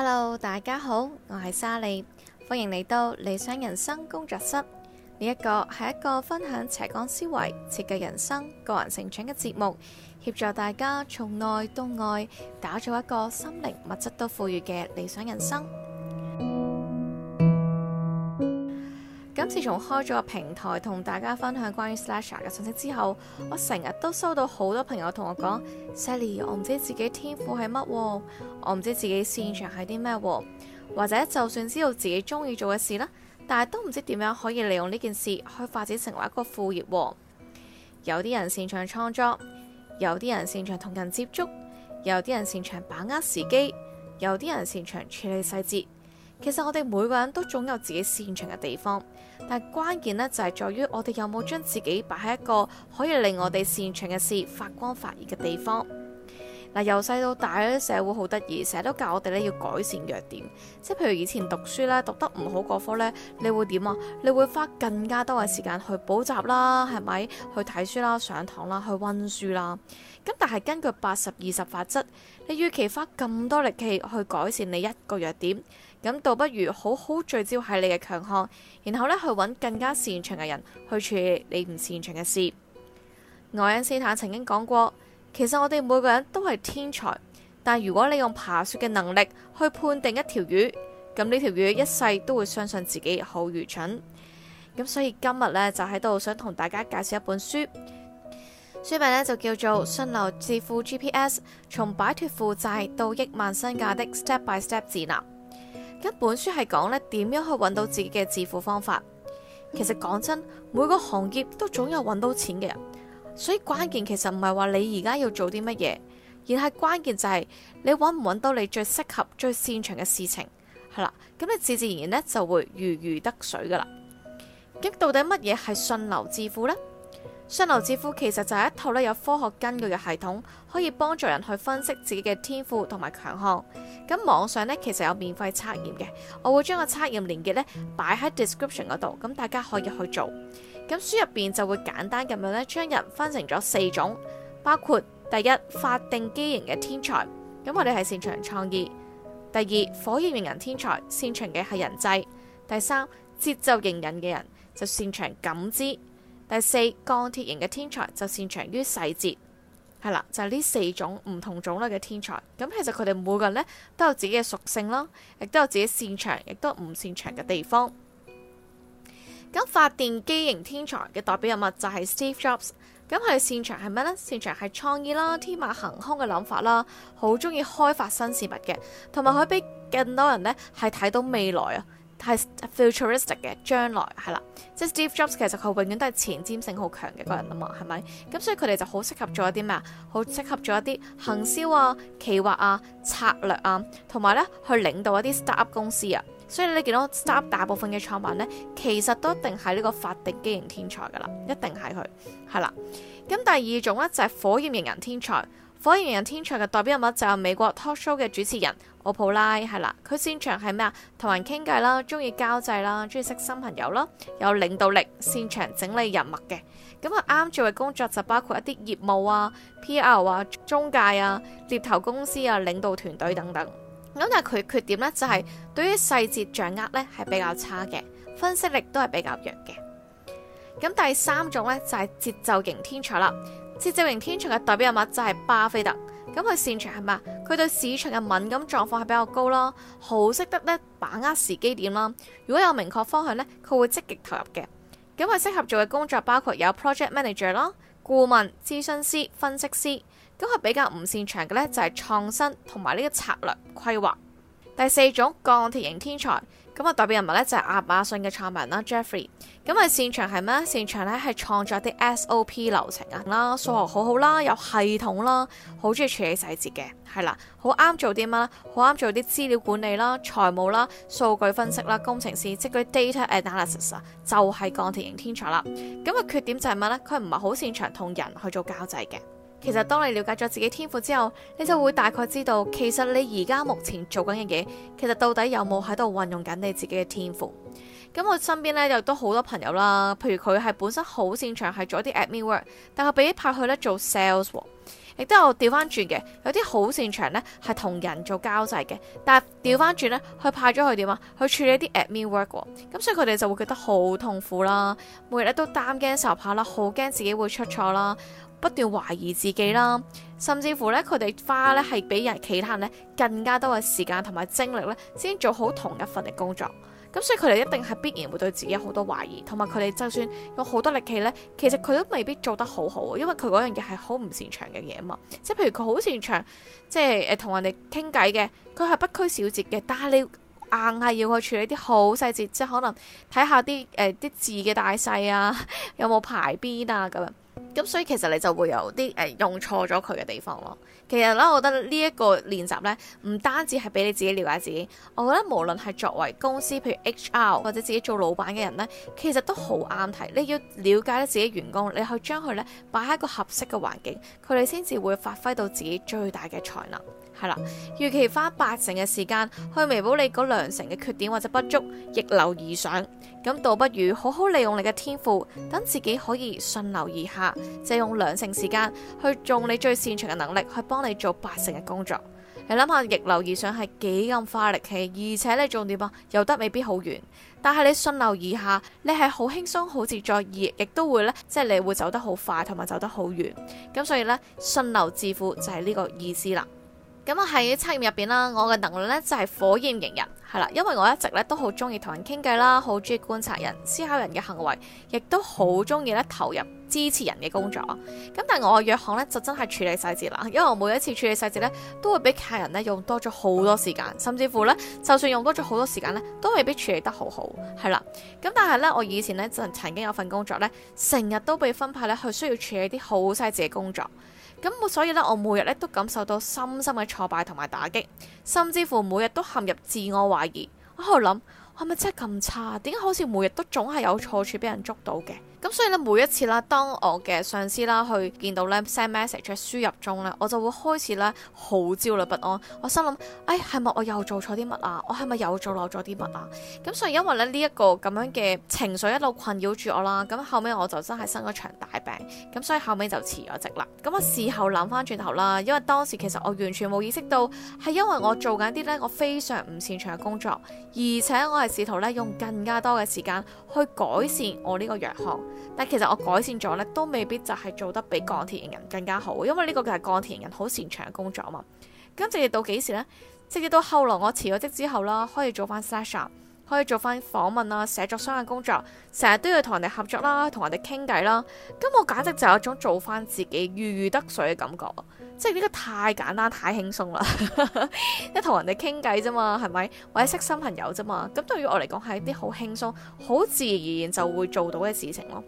Hello，大家好，我係莎莉，歡迎嚟到理想人生工作室。呢、這、一個係一個分享斜槓思維、設計人生、個人成長嘅節目，協助大家從內到外，打造一個心靈物質都富裕嘅理想人生。咁自從開咗個平台同大家分享關於 Slasher 嘅信息之後，我成日都收到好多朋友同我講，Sally，我唔知自己天賦係乜，我唔知自己擅長係啲咩，或者就算知道自己中意做嘅事啦，但係都唔知點樣可以利用呢件事去發展成為一個副業。有啲人擅長創作，有啲人擅長同人接觸，有啲人擅長把握時機，有啲人擅長處理細節。其實我哋每個人都總有自己擅長嘅地方，但關鍵呢就係在於我哋有冇將自己擺喺一個可以令我哋擅長嘅事發光發熱嘅地方。嗱，由細到大咧，社會好得意，成日都教我哋咧要改善弱點。即係譬如以前讀書咧，讀得唔好嗰科咧，你會點啊？你會花更加多嘅時間去補習啦，係咪？去睇書啦，上堂啦，去溫書啦。咁但係根據八十二十法則，你與其花咁多力氣去改善你一個弱點，咁倒不如好好聚焦喺你嘅強項，然後咧去揾更加擅長嘅人去處理你唔擅長嘅事。愛因斯坦曾經講過。其實我哋每個人都係天才，但如果你用爬樹嘅能力去判定一條魚，咁呢條魚一世都會相信自己好愚蠢。咁所以今日呢，就喺度想同大家介紹一本書，書名呢就叫做《順流致富 GPS：從擺脫負債到億萬身價的 Step by Step 指南》。一本書係講咧點樣去揾到自己嘅致富方法。其實講真，每個行業都總有揾到錢嘅人。所以關鍵其實唔係話你而家要做啲乜嘢，而係關鍵就係你揾唔揾到你最適合最擅長嘅事情，係啦，咁你自自然然呢就會如魚得水噶啦。咁到底乜嘢係順流致富呢？順流致富其實就係一套咧有科學根據嘅系統，可以幫助人去分析自己嘅天賦同埋強項。咁網上呢其實有免費測驗嘅，我會將個測驗連結呢擺喺 description 嗰度，咁大家可以去做。咁書入邊就會簡單咁樣咧，將人分成咗四種，包括第一發電機型嘅天才，咁我哋係擅長創意；第二火焰型人天才，擅長嘅係人際；第三節奏型人嘅人就擅長感知；第四鋼鐵型嘅天才就擅長於細節。係啦，就係呢四種唔同種類嘅天才。咁其實佢哋每個人咧都有自己嘅屬性啦，亦都有自己擅長，亦都唔擅長嘅地方。咁發電機型天才嘅代表人物就係 Steve Jobs。咁佢擅長係咩呢？擅長係創意啦、天馬行空嘅諗法啦，好中意開發新事物嘅，同埋可以俾更多人呢係睇到未來啊，係 futuristic 嘅將來係啦。即係 Steve Jobs 其實佢永遠都係前瞻性好強嘅一個人啊嘛，係咪？咁所以佢哋就好適合做一啲咩啊？好適合做一啲行銷啊、企劃啊、策略啊，同埋呢去領導一啲 start-up 公司啊。所以你見到大大部分嘅創辦呢，其實都一定係呢個發電機型天才噶啦，一定係佢，係啦。咁第二種呢，就係、是、火焰型人天才。火焰型人天才嘅代表人物就係美國 talk show 嘅主持人奧普拉，係啦。佢擅長係咩啊？同人傾偈啦，鍾意交際啦，鍾意識新朋友啦，有領導力，擅長整理人脈嘅。咁啊啱做嘅工作就包括一啲業務啊、PR 啊、中介啊、獵頭公司啊、領導團隊等等。咁但係佢缺點咧，就係對於細節掌握咧係比較差嘅，分析力都係比較弱嘅。咁第三種咧，就係節奏型天才啦。節奏型天才嘅代表人物就係巴菲特。咁佢擅長係咩啊？佢對市場嘅敏感狀況係比較高啦，好識得咧把握時機點啦。如果有明確方向咧，佢會積極投入嘅。咁佢適合做嘅工作包括有 project manager 啦、顧問、諮詢師、分析師。咁係比較唔擅長嘅呢，就係創新同埋呢個策略規劃。第四種鋼鐵型天才，咁啊代表人物呢，就係亞馬遜嘅創辦人啦 Jeffrey。咁啊擅長係咩？擅長呢係創作啲 SOP 流程啊啦，數學好好啦，有系統啦，好中意處理細節嘅，係啦，好啱做啲乜咧？好啱做啲資料管理啦、財務啦、數據分析啦、工程師即係 data analysis 啊，就係鋼鐵型天才啦。咁嘅缺點就係乜咧？佢唔係好擅長同人去做交際嘅。其實當你了解咗自己天賦之後，你就會大概知道，其實你而家目前做緊嘅嘢，其實到底有冇喺度運用緊你自己嘅天賦。咁我身邊咧又都好多朋友啦，譬如佢係本身好擅長係做一啲 admin work，但係俾派去咧做 sales，亦都有調翻轉嘅。有啲好擅長咧係同人做交際嘅，但係調翻轉咧佢派咗佢點啊？去處理一啲 admin work，咁所以佢哋就會覺得好痛苦啦，每日咧都擔驚受怕啦，好驚自己會出錯啦。不斷懷疑自己啦，甚至乎咧，佢哋花咧係俾人其他人咧更加多嘅時間同埋精力咧，先做好同一份嘅工作。咁所以佢哋一定係必然會對自己好多懷疑，同埋佢哋就算用好多力氣咧，其實佢都未必做得好好，因為佢嗰樣嘢係好唔擅長嘅嘢啊嘛。即係譬如佢好擅長，即係誒同人哋傾偈嘅，佢係不拘小節嘅。但係你硬係要去處理啲好細節，即係可能睇下啲誒啲字嘅大細啊，有冇排邊啊咁。咁所以其實你就會有啲誒、呃、用錯咗佢嘅地方咯。其實咧，我覺得呢一個練習呢，唔單止係俾你自己了解自己，我覺得無論係作為公司，譬如 HR 或者自己做老闆嘅人呢，其實都好啱睇，你要了解咧自己員工，你去將佢呢擺喺個合適嘅環境，佢哋先至會發揮到自己最大嘅才能。係啦，預期花八成嘅時間去彌補你嗰兩成嘅缺點或者不足，逆流而上咁，倒不如好好利用你嘅天賦，等自己可以順流而下，借用兩成時間去用你最擅長嘅能力去幫你做八成嘅工作。你諗下逆流而上係幾咁花力氣，而且你仲點啊游得未必好遠。但係你順流而下，你係好輕鬆好自在，而亦都會呢，即係你會走得好快，同埋走得好遠。咁所以呢，順流致富就係呢個意思啦。咁啊喺測驗入邊啦，我嘅能力咧就係、是、火焰型人。係啦，因為我一直咧都好中意同人傾偈啦，好中意觀察人、思考人嘅行為，亦都好中意咧投入支持人嘅工作。咁但係我嘅弱項咧就真係處理細節啦，因為我每一次處理細節咧都會俾客人咧用多咗好多時間，甚至乎咧就算用多咗好多時間咧都未必處理得好好。係啦，咁但係咧我以前咧曾曾經有份工作咧成日都被分派咧去需要處理啲好細節嘅工作，咁所以咧我每日咧都感受到深深嘅挫敗同埋打擊，甚至乎每日都陷入自我我喺度諗，係咪真係咁差？點解好似每日都總係有錯處俾人捉到嘅？咁所以咧，每一次啦，當我嘅上司啦去見到咧 send message 輸入中咧，我就會開始咧好焦慮不安。我心諗，哎，係咪我又做錯啲乜啊？我係咪又做漏咗啲乜啊？咁所以因為咧呢一個咁樣嘅情緒一路困擾住我啦，咁後尾我就真係生咗場大病。咁所以後尾就辭咗職啦。咁我事後諗翻轉頭啦，因為當時其實我完全冇意識到係因為我做緊啲咧我非常唔擅長嘅工作，而且我係試圖咧用更加多嘅時間去改善我呢個弱項。但其實我改善咗咧，都未必就係做得比鋼鐵人更加好，因為呢個就係鋼鐵人好擅長嘅工作啊嘛。咁直至到幾時呢？直至到後來我辭咗職之後啦，可以做翻 Slasher，可以做翻訪問啦，寫作商嘅工作，成日都要同人哋合作啦、同人哋傾偈啦，咁我簡直就有種做翻自己如魚得水嘅感覺。即係呢個太簡單太輕鬆啦，即係同人哋傾偈啫嘛，係咪？或者識新朋友啫嘛，咁對於我嚟講係一啲好輕鬆、好自然而然就會做到嘅事情咯。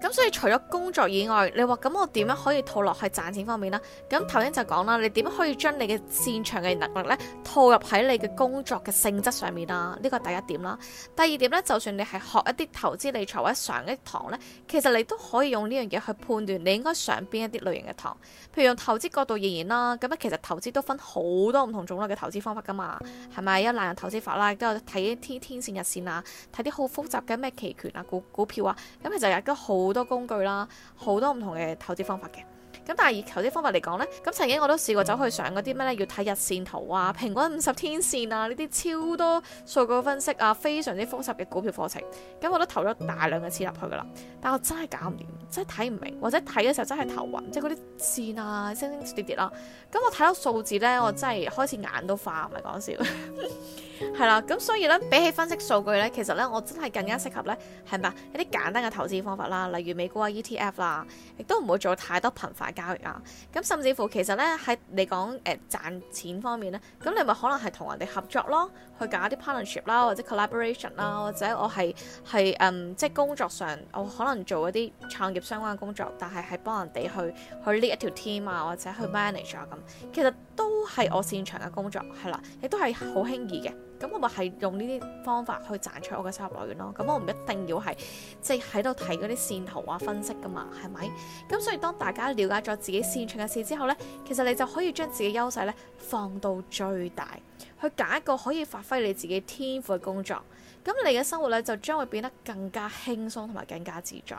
咁所以除咗工作以外，你話咁我點樣可以套落去賺錢方面咧？咁頭先就講啦，你點樣可以將你嘅擅長嘅能力咧，套入喺你嘅工作嘅性質上面啦，呢個係第一點啦。第二點咧，就算你係學一啲投資理財或者上一堂咧，其實你都可以用呢樣嘢去判斷你應該上邊一啲類型嘅堂。譬如用投資角度而言啦，咁啊其實投資都分好多唔同種類嘅投資方法噶嘛，係咪有懶人投資法啦，都有睇一啲天綫日綫啊，睇啲好複雜嘅咩期權啊股、股票啊，咁其實亦都好。好多工具啦，好多唔同嘅投資方法嘅。咁但係以投資方法嚟講呢，咁曾經我都試過走去上嗰啲咩咧，要睇日線圖啊、平均五十天線啊呢啲超多數據分析啊，非常之複雜嘅股票課程。咁我都投咗大量嘅錢入去噶啦，但我真係搞唔掂，真係睇唔明，或者睇嘅時候真係頭暈，即係嗰啲線啊、升升跌跌啦。咁我睇到數字呢，我真係開始眼都花，唔係講笑。 係啦，咁所以咧，比起分析數據咧，其實咧，我真係更加適合咧，係咪一啲簡單嘅投資方法啦，例如美股啊、ETF 啦，亦都唔會做太多頻繁交易啊。咁甚至乎其實咧，喺你講誒賺錢方面咧，咁你咪可能係同人哋合作咯，去搞一啲 partnership 啦，或者 collaboration 啦，或者我係係、呃、即係工作上我可能做一啲創業相關嘅工作，但係係幫人哋去去 lead 一條 team 啊，或者去 manage 啊咁，其實都。係我擅長嘅工作，係啦，亦都係好輕易嘅。咁我咪係用呢啲方法去賺取我嘅收入來源咯。咁我唔一定要係即係喺度睇嗰啲線圖啊，分析噶嘛，係咪？咁所以當大家了解咗自己擅長嘅事之後呢，其實你就可以將自己優勢呢放到最大，去揀一個可以發揮你自己天賦嘅工作。咁你嘅生活呢，就將會變得更加輕鬆同埋更加自在。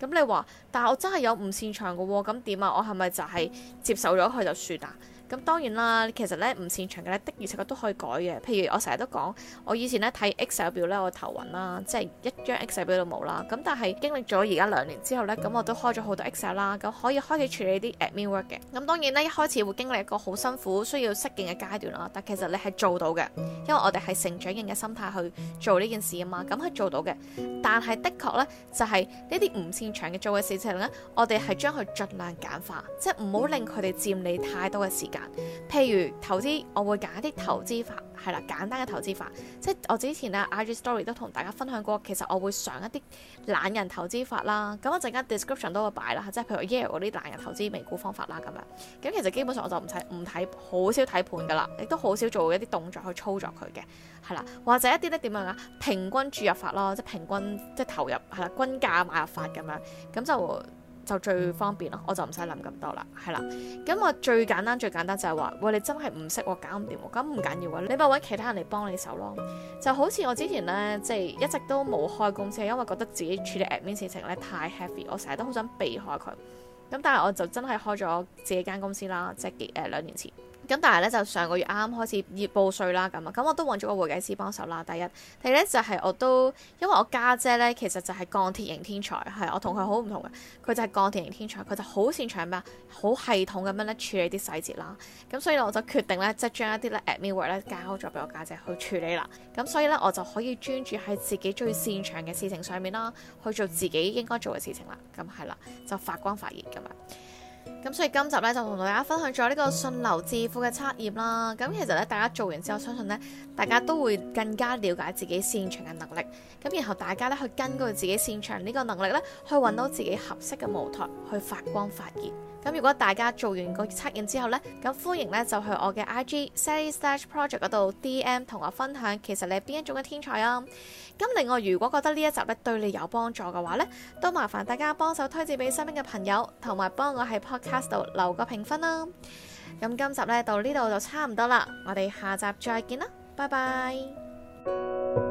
咁你話，但係我真係有唔擅長嘅，咁點啊？我係咪就係接受咗佢就算啦？咁當然啦，其實咧唔擅長嘅咧的而且確都可以改嘅。譬如我成日都講，我以前咧睇 Excel 表咧，我頭暈啦，即係一張 Excel 表都冇啦。咁但係經歷咗而家兩年之後咧，咁我都開咗好多 Excel 啦，咁可以開始處理啲 admin work 嘅。咁當然咧，一開始會經歷一個好辛苦、需要適應嘅階段啦。但其實你係做到嘅，因為我哋係成長型嘅心態去做呢件事啊嘛。咁係做到嘅，但係的確咧就係呢啲唔擅長嘅做嘅事情咧，我哋係將佢儘量簡化，即係唔好令佢哋佔你太多嘅時間。譬如投資，我會揀一啲投資法，係啦，簡單嘅投資法。即係我之前啊，IG Story 都同大家分享過，其實我會上一啲懶人投資法啦。咁我陣間 description 都會擺啦，即係譬如 Yahoo 嗰啲懶人投資美股方法啦咁樣。咁其實基本上我就唔使唔睇，好少睇盤噶啦，亦都好少做一啲動作去操作佢嘅，係啦。或者一啲咧點樣啊？平均注入法咯，即係平均即係投入係啦，均價買入法咁樣，咁就。就最方便咯，我就唔使諗咁多啦，係啦。咁我最簡單最簡單就係話，喂你真係唔識，搞唔掂，咁唔緊要啊，你咪搵其他人嚟幫你手咯。就好似我之前呢，即係一直都冇開公司，因為覺得自己處理 admin 事情呢太 heavy 我成日都好想避開佢。咁但係我就真係開咗自己間公司啦，即係幾誒兩年前。咁但係咧就上個月啱啱開始要報稅啦咁啊，咁我都揾咗個會計師幫手啦。第一，第二咧就係我都因為我家姐咧其實就係鋼鐵型天才，係我同佢好唔同嘅，佢就係鋼鐵型天才，佢就好擅長咩啊？好系統咁樣咧處理啲細節啦。咁所以我就決定咧，即係將一啲咧 admin work 咧交咗俾我家姐，姐去處理啦。咁所以咧我就可以專注喺自己最擅長嘅事情上面啦，去做自己應該做嘅事情啦。咁係啦，就發光發熱咁啊！咁所以今集咧就同大家分享咗呢個順流致富嘅測驗啦。咁其實咧，大家做完之後，相信咧，大家都會更加了解自己擅長嘅能力。咁然後大家咧去根據自己擅長呢個能力咧，去揾到自己合適嘅舞台去發光發熱。咁如果大家做完個測驗之後呢，咁歡迎呢就去我嘅 I G Sally Slash Project 嗰度 D M 同我分享，其實你係邊一種嘅天才啊！咁另外如果覺得呢一集呢對你有幫助嘅話呢，都麻煩大家幫手推薦俾身邊嘅朋友，同埋幫我喺 Podcast 度留個評分啦！咁今集呢到呢度就差唔多啦，我哋下集再見啦，拜拜。